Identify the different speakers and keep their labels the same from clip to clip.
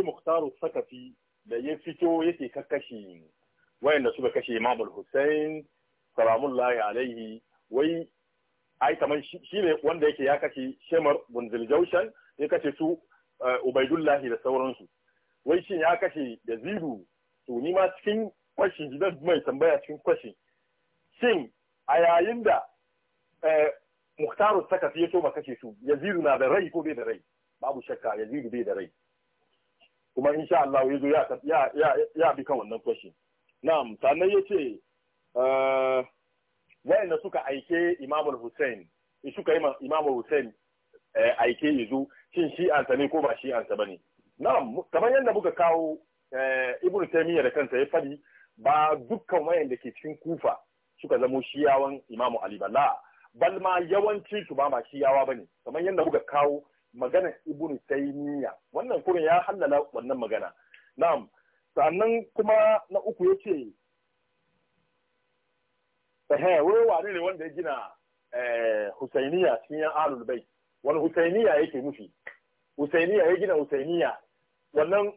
Speaker 1: akwai muktaru sakafi da ya fito yake kakkashi wayanda suka kashe imam Hussaini, hussein salamullahi alaihi wai ai kamar shi ne wanda yake ya kashe shemar bunzil jaushan ya kashe su eh, ubaidullahi da sauransu wai shi ya kashe da zidu to ni ma cikin kwashin mai tambaya cikin kwashin shin a yayin da eh, muhtaru sakafi ya so ma kashe su yazidu na da rai ko bai da rai babu shakka yazidu bai da rai kuma insha Allah yazo ya zo ya, ya bi kan wannan question na'am sannan yace uh, wayanda suka aike Imam Hussein suka yi imamul Hussein eh, aike yazo shin shi ne ko ba shi ne. bane na'am kamar yadda muka kawo eh, Ibn da kansa ya fadi ba dukkan wayanda ke cikin Kufa suka zamo shiyawan Imam Ali ba la bal ma yawanci su ba ma shiyawa bane kamar yadda muka kawo maganar ibnu taymiya wannan kurin ya halala wannan magana na'am sannan kuma na uku yace eh wai wani ne wanda ya gina eh husainiya cikin yan alul bai wani husainiya yake nufi husainiya ya gina husainiya wannan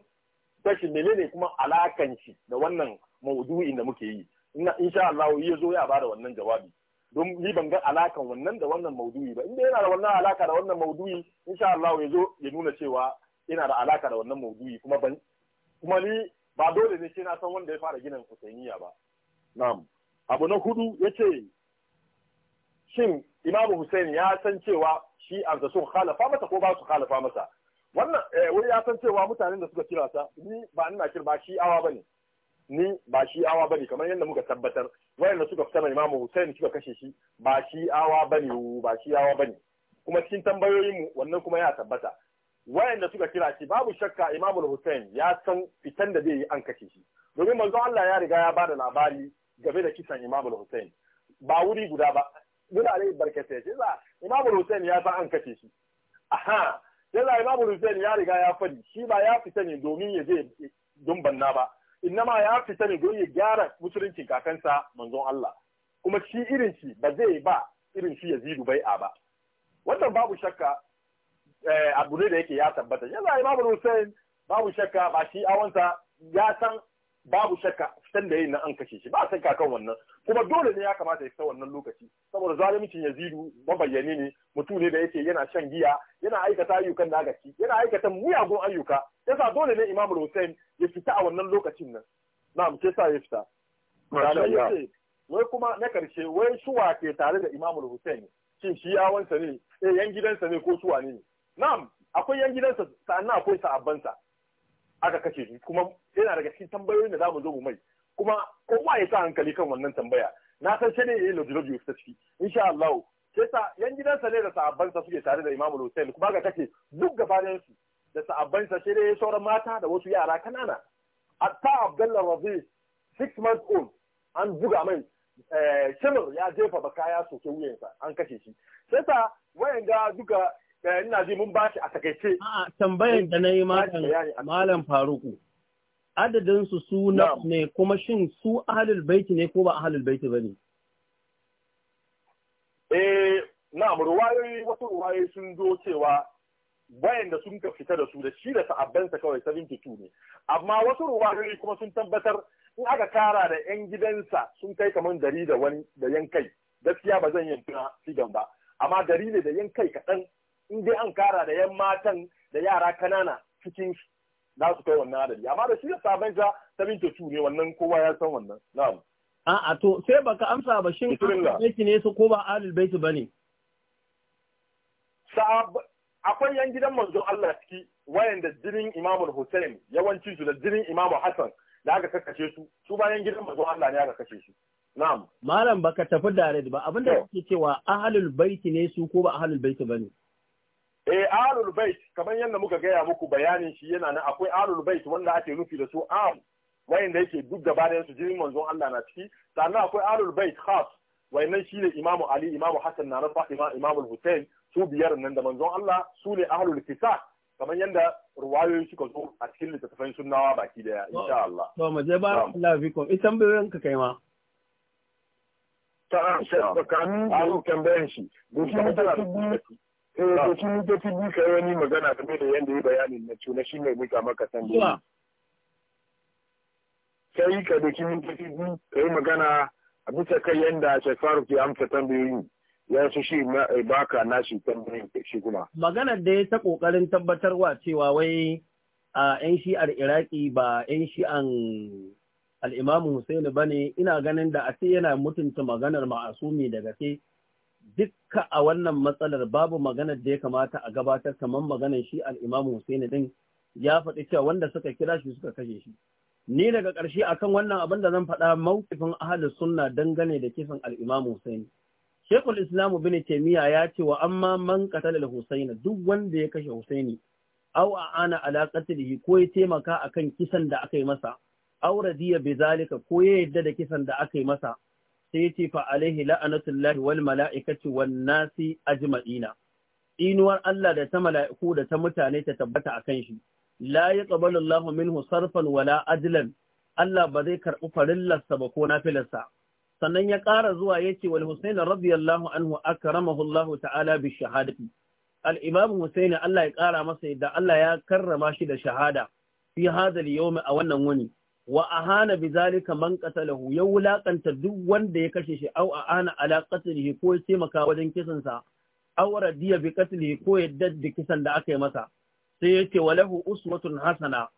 Speaker 1: tashi menene kuma alakan shi da wannan maudu'in da muke yi insha Allah ya zo ya bada wannan jawabi don ni ban ga alakan wannan da wannan maudu'i ba inda yana da wannan alaka da wannan maudu'i insha Allah ya zo ya nuna cewa yana da alaka da wannan maudu'i kuma ban kuma ni ba dole ne sai na san wanda ya fara ginin Husainiya ba na'am abu na hudu yace shin Imam Hussein ya san cewa shi arza sun khalafa masa ko ba su khalafa masa wannan eh wai ya san cewa mutanen da suka kira sa ni ba ina kirba shi awa bane ni ba shi awa bane kamar yadda muka tabbatar wayanda suka fita Imam imamu Hussein suka kashe shi ba shi awa bane ba shi awa bane kuma cikin tambayoyin mu wannan kuma ya tabbata wayanda suka kira shi babu shakka imamu Hussein ya san fitan da zai yi an kashe shi domin manzo Allah ya riga ya ba da labari game da kisan imamu Hussein ba wuri guda ba ne barkatai sai za imamu Hussein ya san an kashe shi aha sai za imamu Hussein ya riga ya fadi shi ba ya fita ne domin ya je dumban na ba innama ya fita ne don ya gyara musuluncin kakansa manzon Allah kuma shi irin shi ba zai ba irin shi Yazidu a ba wannan babu shakka eh, abu ne da yake ya tabbata yanzu babu Hussein babu shakka ba shi awansa ya san babu shakka fitan da yayin nan an kashe shi ba shakka kan wannan kuma dole ne ya kamata ya fita wannan lokaci saboda zalimcin Yazidu mabayyani ne mutum ne da yake yana shan giya yana aikata ayyukan da aka yana aikata muyagun ayyuka yasa dole ne Imam Hussein ya fita a wannan lokacin nan na'am sai sa ya fita wai kuma na karshe wai shuwa ke tare da Imam Hussein shin shi yawansa ne eh yan gidansa ne ko suwa ne na'am akwai yan gidansa sannan akwai sa'abbansa aka kashe shi kuma yana daga cikin tambayoyin da za mu zo mu mai kuma kowa ya sa hankali kan wannan tambaya na san shi ne yayin lojiloji ta ciki insha Allah sai sa yan gidansa ne da sahabbansa suke tare da Imam Hussein kuma ga kace duk gabanin su da sahabbansa shi ne sauran mata da wasu yara kanana hatta Abdullah Rabi 6 months old an buga mai eh, shimir ya jefa bakaya sosai soke wuyansa an kashe shi sai ta wayanga duka Eh, ina ji mun bashi a takaice a'a
Speaker 2: tambayar da nayi yi malam faruku adadin su suna ne kuma shin su ahlul baiti ne ko ba ahlul baiti ne?
Speaker 1: eh na ruwayoyi wasu ruwayoyi sun zo cewa bayan da sun ka fita da su da shi da sa kawai 72 ne amma wasu ruwayoyi kuma sun tabbatar in aka kara da yan gidansa sun kai kamar dari da wani da yan kai gaskiya ba zan yanka figan ba amma dari ne da yan kai kaɗan in dai an kara da yan matan da yara kanana cikin shi za su kai wannan adadi amma da shi da sabon sa sabin ta ne wannan kowa ya san wannan na'am
Speaker 2: a'a to sai baka amsa ba shin ahlul ne su ko ba ahlul baiti bane
Speaker 1: akwai yan gidan manzo Allah ciki wayanda jinin Imam Hussein yawanci su da jinin Imam Hassan da aka kakkace su su bayan gidan manzo Allah ne aka kakkace su na'am
Speaker 2: malam baka tafi dare ba abinda kake cewa ahlul baiti ne su ko ba ahlul baiti bane
Speaker 1: eh alul bait kaman yadda muka gaya muku bayanin shi yana nan akwai alul bait wanda ake nufi da su am wayanda yake duk gaba da su jinin manzon Allah na ciki sannan akwai alul bait khas wayannan shine Imam Ali Imam Hassan na Fatima Imam Hussein su biyar nan da manzon Allah su ne ahlul kisa kaman yadda ruwayoyi suka zo a cikin littattafan sunnawa baki daya insha Allah
Speaker 2: to mu je bar Allah bikum ita tambayoyin ka kai ma
Speaker 1: ta'am an sai ka kan tambayan shi duk mutum
Speaker 3: eh to kin da kin yi wani magana game da yanda yi bayanin na tuna shi mai muka maka san da sai ka da kin da kin kai magana a bisa kai yanda Sheikh Faruk ya amsa tambayoyi ya su shi eh, baka na nashi tambayoyin shi kuma
Speaker 2: maganar da ya ta kokarin tabbatarwa cewa wai a yan shi'ar Iraki ba yan shi'an al'imamu Hussein ba ne ina ganin da a yana mutunta maganar ma'asumi daga sai dukka a wannan matsalar babu maganar da ya kamata a gabatar kamar maganar shi al'imamu husaini din ya faɗi cewa wanda suka kira shi suka kashe shi. Ni daga ƙarshe akan wannan abin da zan faɗa maukifin ahalus sunna dangane da kisan al'imamu Hussaini. Shekul Islamu bin Taimiyya ya ce wa amma man qatala hussaini duk wanda ya kashe Husaini aw ana ala qatlihi ko ya taimaka akan kisan da aka yi masa aw radiya zalika ko ya yadda da kisan da aka yi masa sai ce fa alaihi la'anatullahi wal mala'ikati wan nasi ajma'ina inuwar Allah da ta mala'iku da ta mutane ta tabbata akan shi la yaqbalu Allahu minhu sarfan wala adlan Allah ba zai karɓi farillarsa ba ko nafilarsa sannan ya ƙara zuwa yace wal Husayn radiyallahu anhu akramahu Allah ta'ala bi shahadati al-Imam Husayn Allah ya ƙara masa yadda Allah ya karrama shi da shahada fi hadha al-yawm a wannan wuni wa ahana bi zalika man qatalahu ya wulakanta duk wanda ya kashe shi aw ahana ala qatlihi ko ya taimaka wajen kisan sa aw radiya bi qatlihi ko ya daddi kisan da aka yi masa sai yace walahu uswatun hasana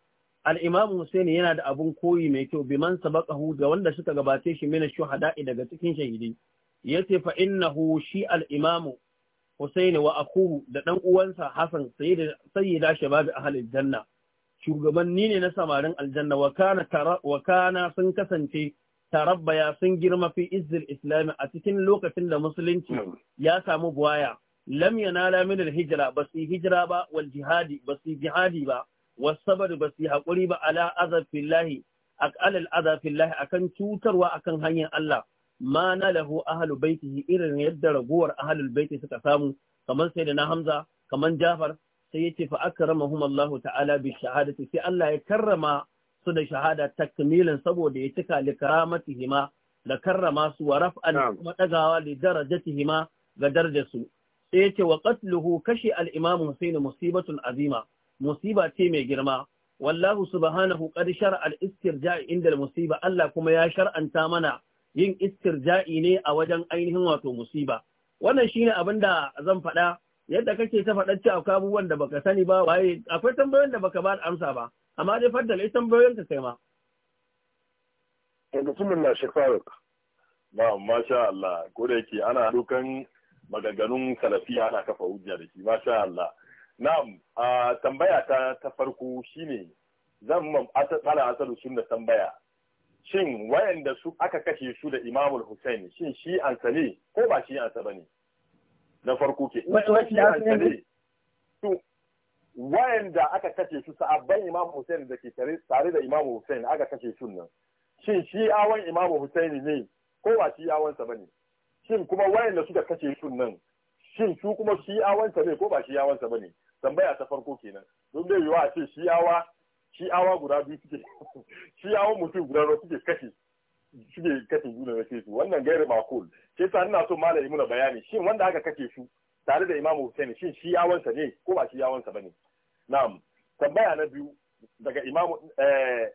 Speaker 2: al-imam husaini yana da abun koyi mai kyau bi man sabaqahu ga wanda suka gabace shi min shuhada'i daga cikin shahidi yace fa innahu shi al-imam husaini wa akuhu da dan uwansa hasan sayyida sayyida shabab ahli janna shugabanni ne na samarin aljanna wa kana sun kasance tarabbaya sun girma fi izzil islami a cikin lokacin da musulunci ya samu buwaya lam yanala min hijira ba su hijira ba wal jihadi ba su jihadi ba was sabr ba su haƙuri ba ala azabillahi alal akan cutarwa akan hanyar Allah ma na lahu ahlu baitihi irin yadda raguwar ahlul baiti suka samu kamar sayyidina Hamza kamar Jafar sai yake fa akramahum Allah ta'ala bi shahadati sai Allah ya karrama su da shahada takmilan saboda ya cika li hima da karrama su wa raf'an kuma dagawa li hima ga darajarsu sai yace wa qatluhu kashi al-imam Husayn musibatun azima musiba ce mai girma wallahu subhanahu qad shar'a al-istirja'i inda al-musiba Allah kuma ya shar'anta mana yin istirja'i ne a wajen ainihin wato musiba wannan shine abin da zan faɗa yadda kake ta faɗa ci akwai abubuwan da baka sani ba waye akwai tambayoyin da baka ba da amsa ba amma dai faddala ita tambayoyin ka kai ma
Speaker 1: bismillah eh, shi faruk ba masha Allah ko da yake ana dukan magaganun salafiya ana kafa hujja da shi masha Allah na'am a tambaya ta ta farko shine zan mam asala asalu sunna tambaya shin wayanda su aka kashe su da Imamul Hussein shin shi ansane ko ba shi ansa bane na farko ke wayanda aka kashe su sa'abban imam Hussein da ke tare da imam Hussein aka kashe su nan shin shi awon imam Hussein ne ko ba shi awon sa bane shin kuma wayanda suka kashe su nan shin su kuma shi awon sa ne ko ba shi awon sa bane tambaya ta farko kenan don bai yiwa a ce shi awa guda biyu suke shi awon mutum guda biyu suke kashe suke kashe juna na su wannan gairi makul ke sa ina so malam yi muna bayani shin wanda aka kashe su tare da imamu Hussein shin shi yawansa ne ko ba shi yawansa ba ne? na'am tambaya na biyu daga imamu eh,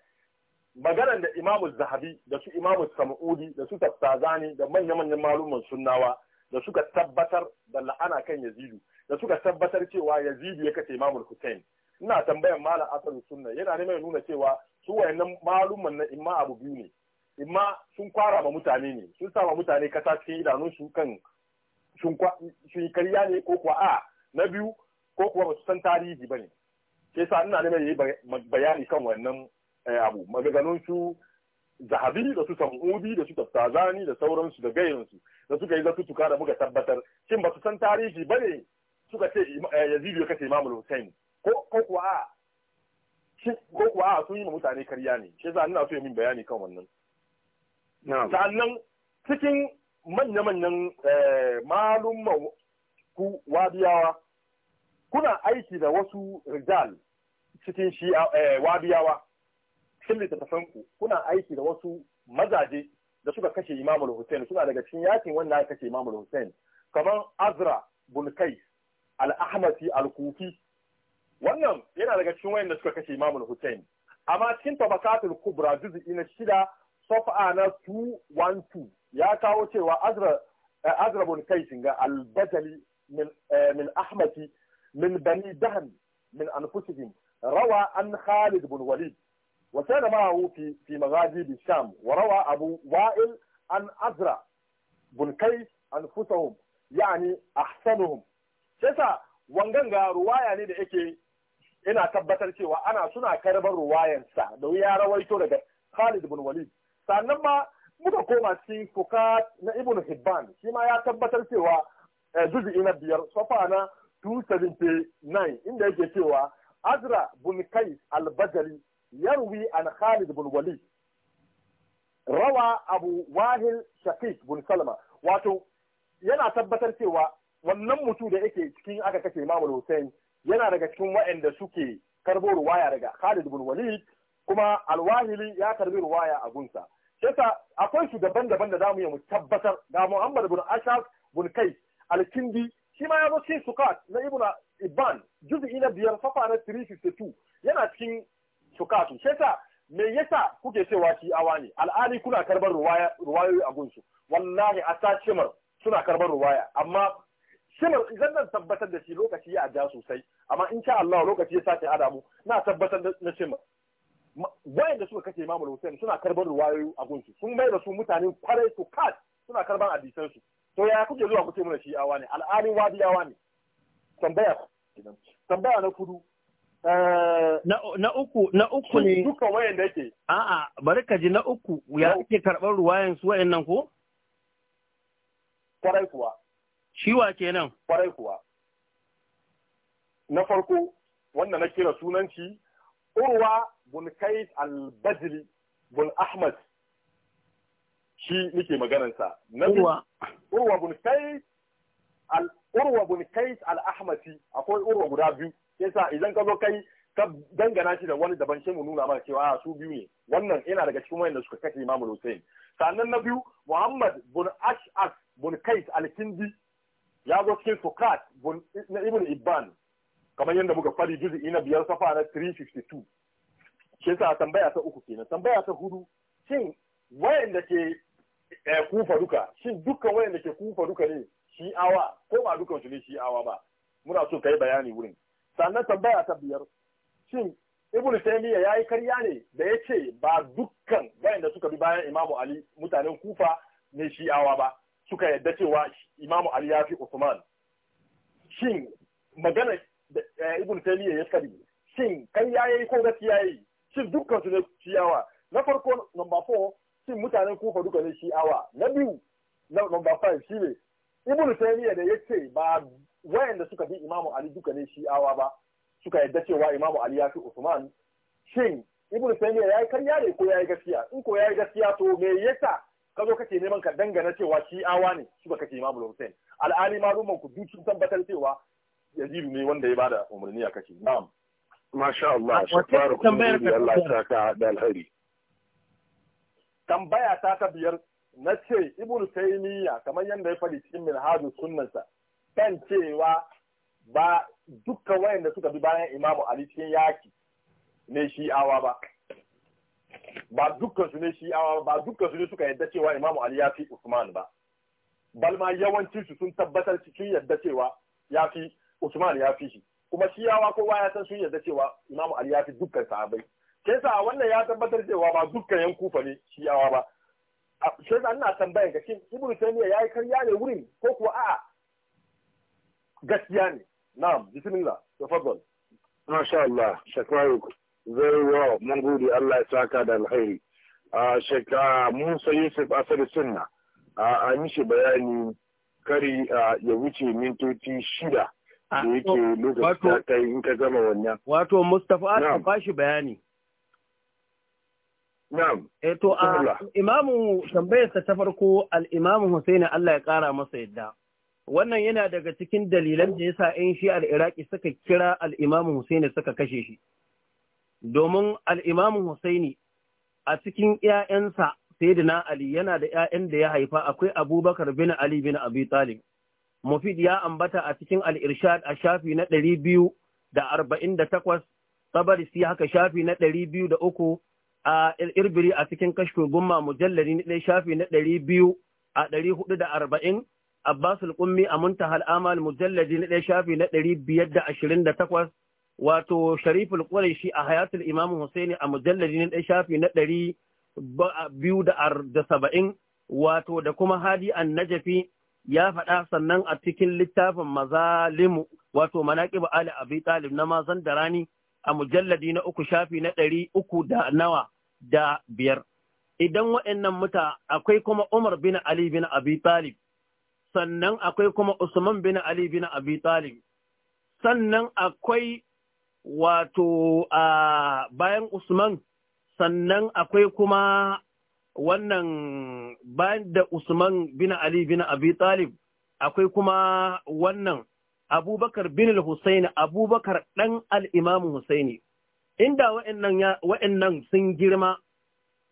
Speaker 1: maganar da imamu Zahabi da su imamu Sam'udi da su Tafsazani da manya-manyan malumin sunnawa da suka tabbatar da la'ana kan Yazidu da suka tabbatar cewa Yazidu ya kashe Imam Hussein ina tambayan malam asalin sunna yana neman nuna cewa su wayannan maluman na imamu abu biyu ne imma sun kwara ba mutane ne sun sa ba mutane kasa cikin idanunsu kan sun karya ne ko kuwa a na biyu ko kuwa ba su san tarihi ba ne ke sa ina neman yi bayani kan wannan eh, abu magaganun su zahabi da su sam'udi da su zani da sauransu da gayansu da suka yi zatutuka da muka tabbatar shin ba su san tarihi ba ne suka ce eh, yazidu ya kace imamul hussein ko kuwa a sun yi ma mutane karya ne shi yasa ina so yi min bayani kan wannan
Speaker 3: sannan
Speaker 1: cikin manya-manyan eh, malumma ku wabiyawa kuna aiki da wasu rijal cikin shi eh, wabiyawa cikin littattafan ku kuna aiki da wasu mazaje da suka kashe imamul hussein suna daga cikin yakin wannan ya kashe imamul hussein kamar azra bulkai al-ahmasi al-kufi wannan yana daga cikin da suka kashe imamul hussein amma cikin tabakatul kubra juz'i na shida safa na 212 ya kawo cewa azrabun kai ga albajali min ahmadi min bani dahan min anfusihim rawa an khalid bin walid وكان معه في في مغازي الشام وروى أبو وائل عن أزرع بن كيس أنفسهم يعني أحسنهم شيسا wanganga ruwaya ne da yake ina tabbatar cewa ana suna karbar ruwayansa da ya rawaito daga Khalid bin Walid sannan ma muka koma shi fuka na ibn hibban shi ma ya tabbatar cewa eh, juzu'i na biyar sofa na 279 inda yake cewa azra bin kai al-bajali yarwi an khalid bin walid rawa abu wahil shaqiq bin salma wato yana tabbatar cewa wannan mutu da yake cikin aka kashe imam hussein yana daga cikin waɗanda suke karbo ruwaya daga khalid bin walid kuma alwahili ya karbi ruwaya a gunsa yasa akwai su daban-daban da zamu yi mu tabbatar ga Muhammad bin Ashaf bin Kai al-Kindi shi ma ya zo cikin Sukat na Ibn Ibban juz'i na biyar safa na 352 yana cikin sukat sai yasa me yasa kuke cewa shi awa ne al'ali kuna karbar ruwaya ruwayoyi a gunsu wallahi a shimar suna karbar ruwaya amma shimar idan nan tabbatar da shi lokaci ya ja sosai amma in sha Allah lokaci ya sace adamu na tabbatar na shimar wayanda suka kashe Imam Hussein suna karban ruwayoyi a gunsu sun mai da su mutane kwarai su kat suna karbar hadisan su to yaya kuke zuwa kuce mana shi'awa ne al'adun wadiyawa ne
Speaker 2: tambaya tambaya na kudu eh, na uku na uku ne duka wayanda yake a'a bari ka ji na uku ya kake karban ruwayan su wayannan ko kwarai kuwa shiwa kenan kwarai kuwa
Speaker 1: na farko wannan na kira sunanci urwa bun kaid al-badri bun ahmad shi nake maganansa na urwa urwa kaid al urwa bun kaid al-ahmadi akwai urwa guda biyu yasa idan ka zo kai ka dangana shi da wani daban shi mu nuna maka cewa ah, su biyu ne wannan yana daga cikin wayanda suka kashe Imam Hussein sannan na biyu Muhammad bun Ash'as bun Kais al-Kindi ya zo cikin sokrat na Ibn Ibban kamar yadda muka fari juzu'i na biyar safa na 352 shi yasa tambaya ta uku kenan tambaya ta hudu shin wayanda ke eh, kufa duka shin dukkan wayanda ke kufa duka ne shi awa ko ba dukkan su ne shi awa ba muna so kai bayani wurin sannan tambaya ta biyar shin ibnu taymiya yayi karya ne da yace ba dukkan wayanda suka bi bayan imamu ali mutanen kufa ne shi awa ba suka yadda cewa imamu ali ya fi usman shin magana da eh, ibn taymiya ya fadi shin kai yayi ko gaskiya yayi shin dukkan su ne shi'awa na farko number four shin mutanen kufa duka ne shi'awa na biyu na number five ne ibn taymiya da yace ba wayanda suka bi imamu ali duka ne shi'awa ba suka yadda cewa imamu ali ya fi usman shin ibn taymiya yi karya ne ko ya yi gaskiya in ko yi gaskiya to me yasa ka zo kake neman ka dangana cewa shi'awa ne suka kake imamu hussein al'ali ma ku duk sun tabbatar cewa yazidu ne wanda ya bada umarni a kashe na'am Masha Allah, shafaru kuma Allah ta
Speaker 3: ka da alhari.
Speaker 1: Tambaya ta ta biyar na ce Ibn Taymiyyah kamar yadda ya faɗi cikin minhajus sunnansa kan cewa ba dukkan wayanda suka bi bayan Imam Ali cikin yaki ne shi'awa ba. Ba dukkan su ne shi'awa ba, ba dukkan su ne suka yadda cewa Imam Ali ya fi Usman ba. Balma yawancinsu sun tabbatar cikin yadda cewa ya fi Usman ya fi shi. kuma shiyawa kowa ya san sun yarda cewa imamu ali ya fi dukkan sahabbai sai sa wannan ya tabbatar cewa ba dukkan yan kufa ne shiyawa ba sai sa ina tambayan ka shin ibnu taymiya yayi karya ne wurin ko kuwa a'a gaskiya ne na'am bismillah tafaddal
Speaker 3: masha Allah shakwaru very well mun gode Allah ya saka da alheri shekka Musa Yusuf Asali Sunna a shi bayani kari ya wuce mintoci shida Ah, wato wato Mustapha bayani Na'am.
Speaker 2: Eh, a ah, imamu tambayarsa ta farko al-Imam Allah ya kara masa yadda. Wannan yana daga cikin dalilan da yasa ƴan shi al-Iraki suka kira al-Imam suka kashe shi. Domin al-Imam a cikin ƴaƴansa Sayyidina Ali yana da 'ya'yan da ya haifa akwai Abubakar bin Ali bin Abi Talib. Mufid ya ambata a cikin al-irshad a shafi na ɗari biyu da arba'in da takwas, Tabarisi haka shafi na ɗari biyu da uku, a irbiri a cikin kashfin gumma mujallari na ɗaya shafi na ɗari biyu a ɗari hudu da arba'in, Abbas Kummi a muntahal amal mujalladi na ɗaya shafi na ɗari biyar da ashirin da takwas, wato Shariful Quraishi a Hayatul Imam Husaini a mujalladi na ɗaya shafi na ɗari biyu da saba'in, wato da kuma Hadi an Najafi ya faɗa sannan a cikin littafin mazalimu wato manaƙibu ali abi talib na mazan da rani a mujalladi na uku shafi na ɗari uku da nawa da biyar idan waɗannan muta akwai kuma umar bin ali bin abi talib sannan akwai kuma usman bin ali bin abi talib sannan akwai wato a bayan usman sannan akwai kuma wannan bayan da Usman bin Ali bin Abi Talib akwai kuma wannan Abubakar bin Al-Husayn Abubakar ɗan imam Husaini. Inda wa'annan sun girma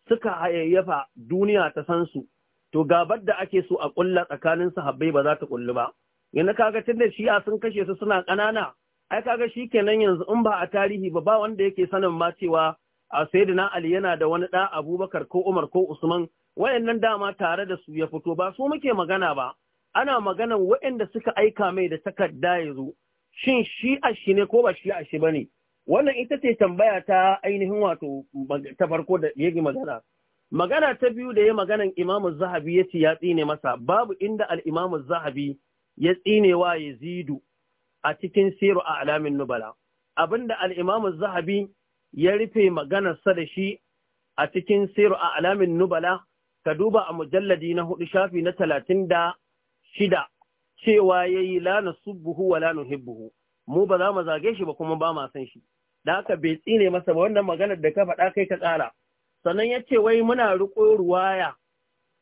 Speaker 2: suka hayayyafa duniya ta san su, to gabar da ake so a ƙulla tsakanin sahabbai ba za ta kullu ba. Yana kaga tun da shi'a sun kashe su suna ƙanana, ai kaga shi kenan yanzu in ba a tarihi ba ba wanda yake sanin ma cewa a saidina Ali yana da wani ɗa Abubakar ko Umar ko Usman wayannan dama tare da su ya fito ba su muke magana ba ana maganan wayanda suka aika mai da takarda ya zo shin shi a shi ne ko ba shi a shi bane wannan ita ce tambaya ta ainihin wato ta farko da yake magana magana ta biyu da ya maganan Imam Zahabi yace ya tsine masa babu inda al-Imam Zahabi ya tsinewa Yazidu a cikin siru a alamin nubala abinda al-Imam Zahabi ya rufe maganarsa da shi a cikin siru a alamin nubala ka duba a mujalladi na hudu shafi na talatin da shida cewa ya yi lana subuhu wa lana hibbuhu mu ba za mu zage shi ba kuma ba ma san shi da haka bai tsine masa ba wannan maganar da ka faɗa kai ka tsara sannan ya ce wai muna riƙo ruwaya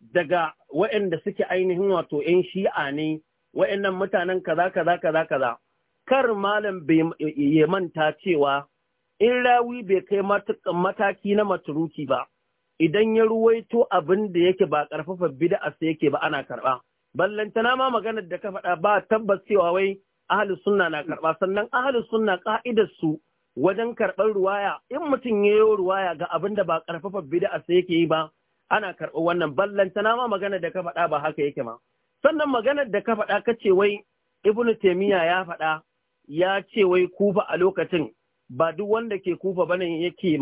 Speaker 2: daga waɗanda suke ainihin wato 'yan shi'a ne waɗannan mutanen kaza kaza kaza kaza kar malam bai ya manta cewa in rawi bai kai mataki na maturuki ba idan ya ruwaito abin da yake ba ƙarfafa bid'a sai yake ba ana karɓa. ballantana ma maganar da ka faɗa ba tabbas cewa wai ahli sunna na karɓa. sannan ahli sunna ka'idar su wajen karɓar ruwaya in mutum ya yi ruwaya ga abin da ba ƙarfafa bid'a sai yake yi ba ana karɓar wannan ballantana ma maganar da ka faɗa ba haka yake ma sannan maganar da ka faɗa ka ce wai Ibn Tamiya ya faɗa ya ce wai kufa a lokacin ba duk wanda ke kufa bane yake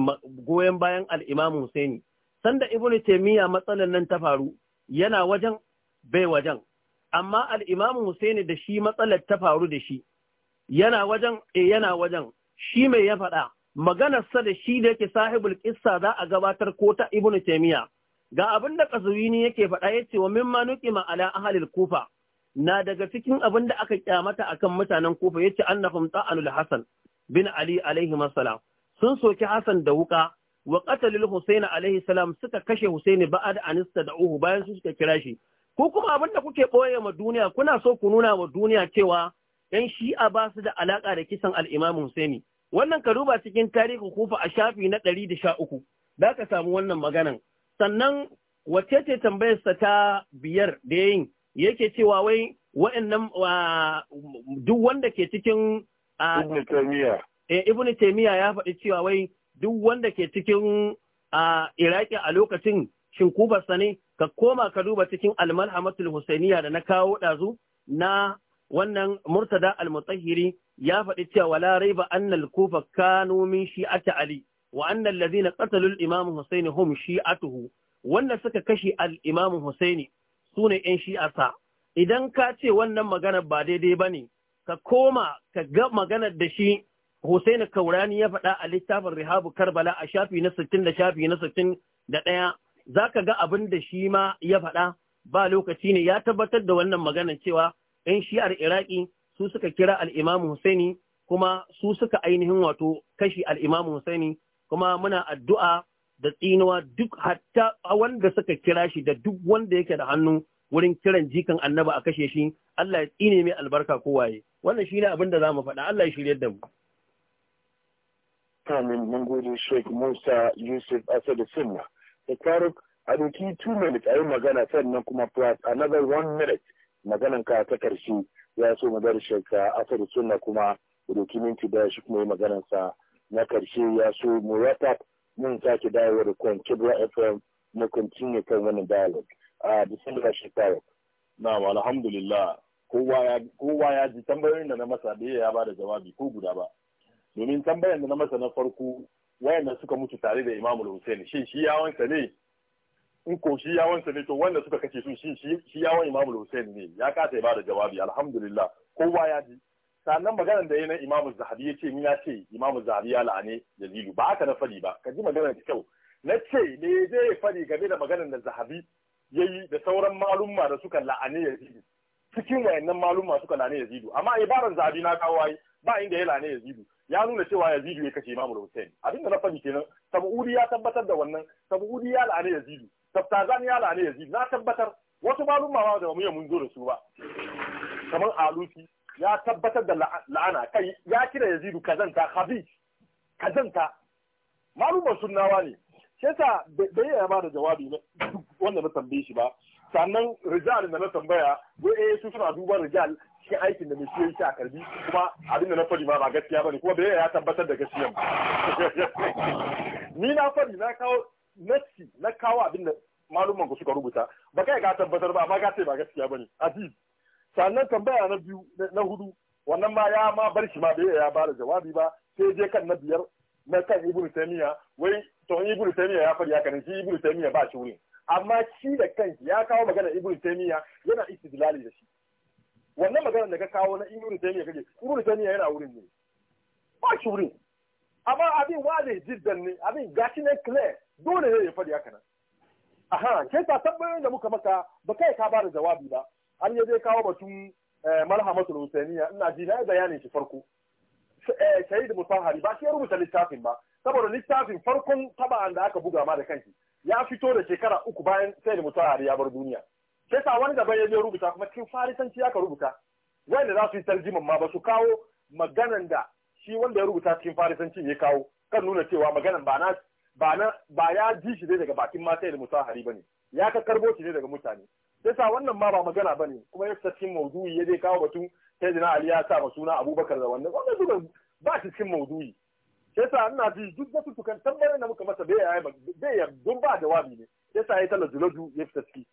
Speaker 2: goyon bayan al Husaini sanda Ibn Taymiya matsalan nan ta faru yana wajen bai wajen amma al Husaini da shi matsalar ta faru da shi yana wajen eh yana wajen shi mai ya faɗa sa da shi da yake sahibul kissa za a gabatar ko ta Ibn taymiya ga abin da kazawini yake faɗa yace wa mimma nuqima ala ahlil kufa na daga cikin abin da aka kyamata akan mutanen kufa yace annahum ta'anul hasan bin Ali alaihi salam sun soki Hassan da wuka wa katalil Husayn alaihi salam suka kashe da Anista da uhu bayan su suka kira shi ko kuma abin da kuke boye ma duniya kuna so ku nuna wa duniya cewa yan shi'a ba su da alaka da kisan al-Imam Husaini wannan ka duba cikin tarihin Kufa a shafi na 113 da ka samu wannan maganan sannan wace ce tambayarsa ta biyar da yayin yake cewa wai wa'annan duk wanda ke cikin Ah, Ibn Taymiya. Eh taimiya ya faɗi cewa wai duk wanda ke cikin ah, Iraki a lokacin shin kubarsa ne ka koma ka duba cikin Almalhamatul Husainiya da na kawo ɗazu na wannan Murtada al ya faɗi cewa wala raiba annal kufa kanu min shi'ati Ali wa annal ladina qatalul imam Husaini hum shi'atuhu wanda suka kashe al-Imam Husaini sune yan shi'arsa idan ka ce wannan magana ba daidai bane ka koma ka ga maganar da shi Hussein Kaurani ya faɗa a littafin Rihabu Karbala a shafi na 60 da shafi na 61 za ka ga abin da shi ma ya faɗa ba lokaci ne ya tabbatar da wannan maganar cewa 'yan shi'ar Iraki su suka kira al'imamu Husaini kuma su suka ainihin wato kashi al'imamu Husaini kuma muna addu'a da tsinuwa duk hatta wanda suka kira shi da duk wanda yake da hannu wurin kiran jikan annaba a kashe shi Allah ya tsine mai albarka ko waye wannan shine abin da zamu faɗa Allah ya shiryar da mu
Speaker 3: kamin mun gode Sheikh Musa Yusuf Asad Sunna da Karuk a doki 2 minutes ayi magana sannan kuma plus another 1 minute maganan ka ta karshe ya so mu bar Sheikh Asad Sunna kuma doki minti da shi kuma yi maganar sa na karshe ya so mu wrap up mun sake dawo da kwan Kibra FM na continue kan wannan dialogue a Disamba shekarar.
Speaker 1: Na'am alhamdulillah kowa ya ji tambayoyin da na masa da ya ba da jawabi ko guda ba. Domin tambayar da na masa na farko wayanda suka mutu tare da da Hussein shi shi yawansa ne in ko shi yawansa ne to wanda suka kace su shi shi yawan da Hussein ne ya kasa ba da jawabi alhamdulillah kowa ya ji sannan maganar da ya na Zahabi ya ce ni ce imamu Zahabi ya la'ane Jazilu ba aka na fadi ba ka ji maganar da kyau na ce me zai fadi game da maganar da Zahabi ya yi da sauran malumma da suka la'ani yazidu cikin wayannan malumma suka la'ani yazidu amma ibaran zabi na kawo ai ba inda ya la'ani yazidu ya nuna cewa yazidu ya kashe imamu hussein abinda na faɗi kenan sabuudi ya tabbatar da wannan sabuudi ya la'ani yazidu tabtazan ya la'ani yazidu na tabbatar wasu malumma ba da mu mun zo da su ba kamar alusi ya tabbatar da la'ana kai ya kira yazidu kazanta habib kazanta malumman sunnawa ne shi yasa bai ya ba da jawabi wanda na tambaye shi ba sannan rijal da na tambaya ko eh su suna duban rijal cikin aikin da mai shi yake a karbi kuma abin da na fadi ma ba gaskiya bane kuma bai ya tabbatar da gaskiya ni na fadi na kawo nasi na kawo abin da malumman ku suka rubuta ba kai ka tabbatar ba amma ga ce ba gaskiya bane aziz sannan tambaya na biyu na hudu wannan ma ya ma bar shi ma bai ya ba da jawabi ba sai je kan na biyar na kan ibnu taymiya wai to ibnu taymiya ya faɗi haka ne shi ibnu taymiya ba shi wurin amma shi da kanki ya kawo magana ibnu taymiya yana istidlali da shi wannan magana da ka kawo na ibnu taymiya kaje ibnu taymiya yana wurin ne ba shi wurin amma abin wale jiddan ne abin gashi ne clear dole ne ya faɗi haka nan aha kai ta tabbayar da muka maka ba kai ka ba da jawabi ba an ya je kawo batun eh, malhamatul husainiya ina ji na bayanin shi farko shahid eh, musahari ba shi ya rubuta littafin ba saboda littafin farkon taba'an da aka buga ma da kanki ya fito da shekara uku bayan sai da mutuwa ya bar duniya sai sa wani gaba ya je rubuta kuma cikin farisanci ya ka rubuta wanda za su yi tarjiman ma ba su kawo maganan da shi wanda ya rubuta cikin farisanci ya kawo kan nuna cewa maganan ba na ba na ba ya ji shi daga bakin ma sai da ba ne. ya ka karbo shi ne daga mutane sai sa wannan ma ba magana ba ne kuma ya fita cikin maudu'i ya je kawo batun sai da Ali ya sa ma suna Abubakar da wannan wannan duka ba shi cikin maudu'i yasa ina ji duk wasu tukan tambayar da muka masa bai ya bai ya don ba jawabi ne yasa ya tala juladu ya fita ciki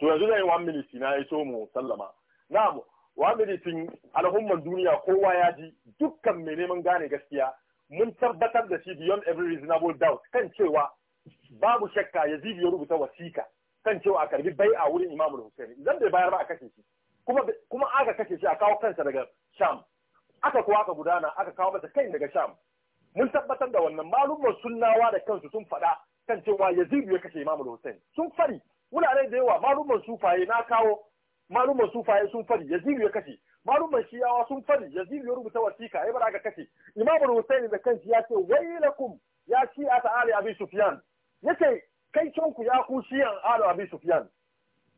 Speaker 1: to yanzu zai wani minisi na ya so mu sallama na mu wani minisi al'umman duniya kowa ya ji dukkan mai neman gane gaskiya mun tabbatar da shi beyond every reasonable doubt kan cewa babu shakka zibi ya rubuta wasika kan cewa a karbi bai a wurin da Hussein idan bai bayar ba a kashe shi kuma kuma aka kashe shi a kawo kansa daga Sham aka kuwa aka gudana aka kawo masa kai daga Sham mun tabbatar da wannan malumar sunnawa da kansu sun faɗa kan cewa yazidu ya kashe imamul Hussein sun fari wurare da yawa malumman sufaye na kawo malumman sufaye sun fari yazidu ya kashe malumman shiyawa sun fari yazidu ya rubuta wasiƙa ai bara ga kashe Imam Hussein da kansu ya ce wailakum ya shi'a ta Ali Abi Sufyan yace kai ku ya ku shi'an Ali Abi Sufyan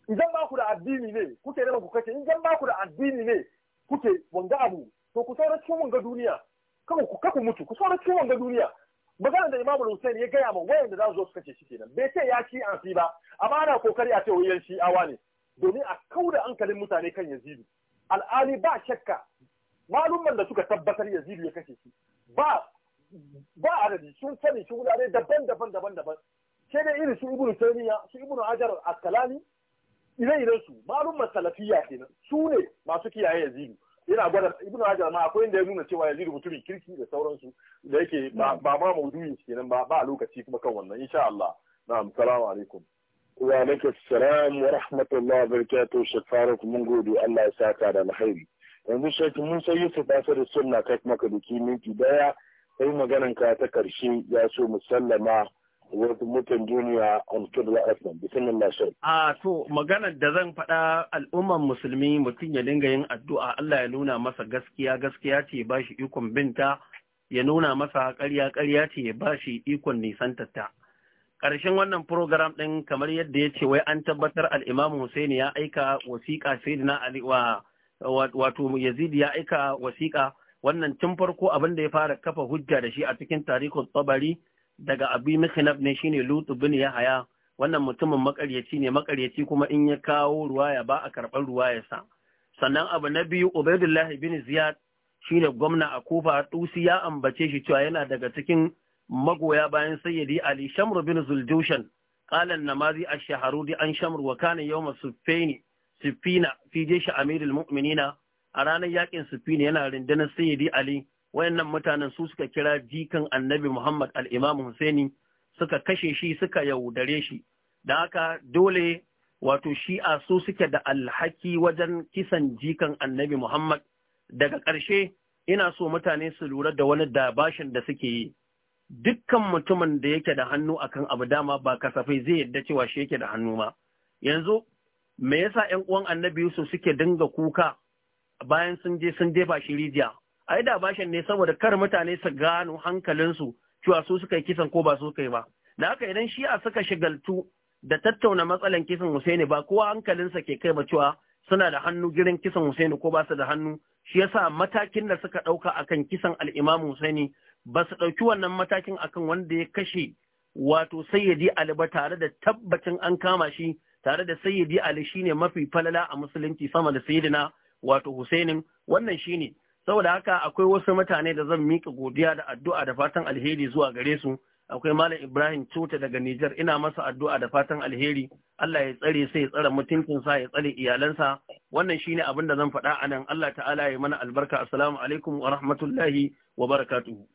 Speaker 1: idan ba ku da addini ne kuke da ku kace idan ba ku da addini ne kuke wanga abu to ku saura mun ga duniya kawai ku kaku mutu ku sauran ciwon ga duniya maganar da Imam Hussein ya gaya ma wayanda za a zo su kace shi kenan bai ce ya ci an fi ba amma ana kokari a ce wayan shi awa ne domin a da hankalin mutane kan Yazidu al'ali ba shakka malumman da suka tabbatar Yazidu ya kashe shi ba ba adadi sun sani shi wurare daban-daban daban-daban sai dai irin su ibnu Taymiya su ibnu Hajar Asqalani ire-iren su malumman salafiyya kenan su ne masu kiyaye Yazidu yana gwada ibn hajar ma akwai inda ya nuna cewa yazidu mutumin kirki da sauransu da yake ba ma maudu'in kenan ba ba lokaci kuma kan wannan insha Allah na'am salamu alaikum wa alaikum salam wa rahmatullahi
Speaker 3: wa barakatuh shek faruk mun gode Allah ya saka da alkhairi yanzu shek mun sai yusuf da sunna kai kuma ka duki minti daya sai maganan ka ta karshe ya so musallama with mutan duniya on kibla fm bismillah shay
Speaker 2: a to maganar da zan faɗa al'umman musulmi mutum ya dinga yin addu'a Allah ya nuna masa gaskiya gaskiya ce ba shi ikon binta ya nuna masa ƙarya ƙarya ce ba shi ikon Nisan nisantarta ƙarshen wannan program ɗin kamar yadda ya ce wai an tabbatar al'imam Hussein ya aika wasiƙa sayyidina Ali wa wato Yazid ya aika wasiƙa wannan tun farko abin da ya fara kafa hujja da shi a cikin tarihin tsabari daga abi mihnab ne shine lutu bin yahaya wannan mutumin makaryaci ne makaryaci kuma in ya kawo ruwaya ba a karɓar sa. sannan abu na biyu ubaidullahi bin ziyad shine gwamna a kufa tusi ya ambace shi cewa yana daga cikin magoya bayan sayyidi ali shamru bin zuljushan qalan namazi ash-shaharudi an shamru wa kana yawma sufaini sufina fi jeshi amirul mu'minina a ranar yakin sufina yana rindunar sayyidi ali wayannan mutanen su suka kira jikan annabi Muhammad al-Imam Husaini suka kashe shi suka yaudare shi da haka dole wato shi'a su suke da alhaki wajen kisan jikan annabi Muhammad daga ƙarshe ina so mutane su lura da wani dabashin da suke yi dukkan mutumin da yake da hannu akan abu dama ba kasafai zai yadda cewa shi yake da hannu ba. yanzu me yasa ƴan uwan annabi Yusuf suke dinga kuka bayan sun je sun jefa shi rijiya ai da bashin ne saboda kar mutane su gano hankalinsu cewa su suka yi kisan ko ba su yi ba da haka idan shi'a suka shigaltu da tattauna matsalan kisan Husaini ba kowa hankalinsa ke kai ba cewa suna da hannu girin kisan Husaini ko ba su da hannu shi yasa matakin da suka ɗauka akan kisan al'imam Husaini ba su ɗauki wannan matakin akan wanda ya kashe wato sayyidi Ali ba tare da tabbacin an kama shi tare da sayyidi Ali shine mafi falala a musulunci sama da sayyidina wato Husainin wannan shine saboda haka akwai wasu mutane da zan miƙa godiya da addu'a da fatan alheri zuwa gare su akwai malam ibrahim cuta daga nijar ina masa addu'a da fatan alheri allah ya tsare sai ya tsare mutuncinsa ya tsare iyalansa wannan shine abin da zan faɗa a nan allah ta'ala ya mana albarka assalamu alaikum wa rahmatullahi wa barakatuhu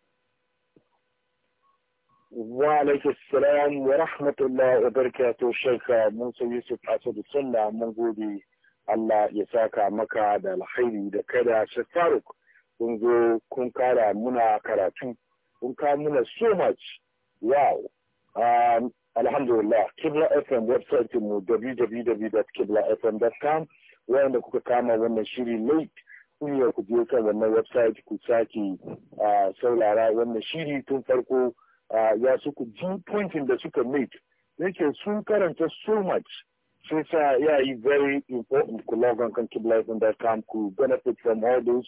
Speaker 3: wa alaikum salam wa rahmatullahi wa barakatuhu shaikha musa yusuf asadu sunna mun gode allah ya saka maka da alheri da kada shi faruk kun zo kun kara muna karatu kun kawo muna so much wow um, alhamdulillah kibla fm website mu www.kiblafm.com wanda kuka kama wannan shiri late kun yi ku je kan wannan website ku sake uh, saulara wannan shiri tun farko uh, ya su ku ji pointin da suka make yake sun karanta so much sai sa ya yi very important ku log on kan kiblafm.com ku benefit from all those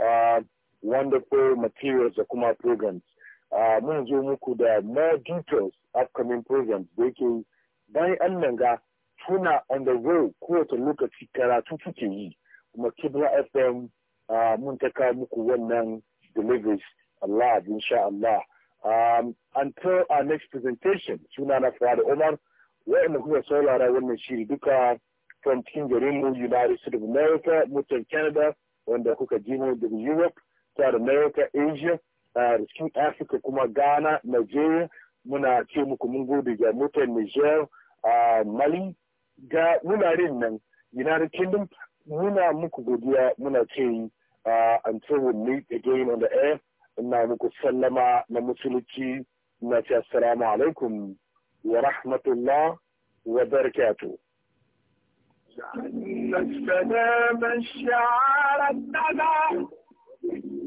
Speaker 3: Uh, wonderful materials of kuma programs. Uh, uh, more details upcoming programs Breaking by bayan an nan on the road Quote. lokaci karatu suke yi kuma Kibra FM uh, mun ta kawo muku wannan deliveries Allah insha Allah. Um, until our next presentation suna na Fuad Omar wa'anda kuka saurara wannan shiri duka from cikin garin United States of America, mutan Canada, wanda kuka ji ne daga Europe, South America, Asia, da cikin Africa kuma Ghana, Nigeria, muna ce muku mun gode ga motar Niger, Mali, ga wuraren nan United Kingdom, muna muku godiya muna ce until we meet again on the air, ina muku sallama na musulunci na ce assalamu alaikum wa rahmatullah wa barakatuh.
Speaker 1: عنا السلام الشعار التدى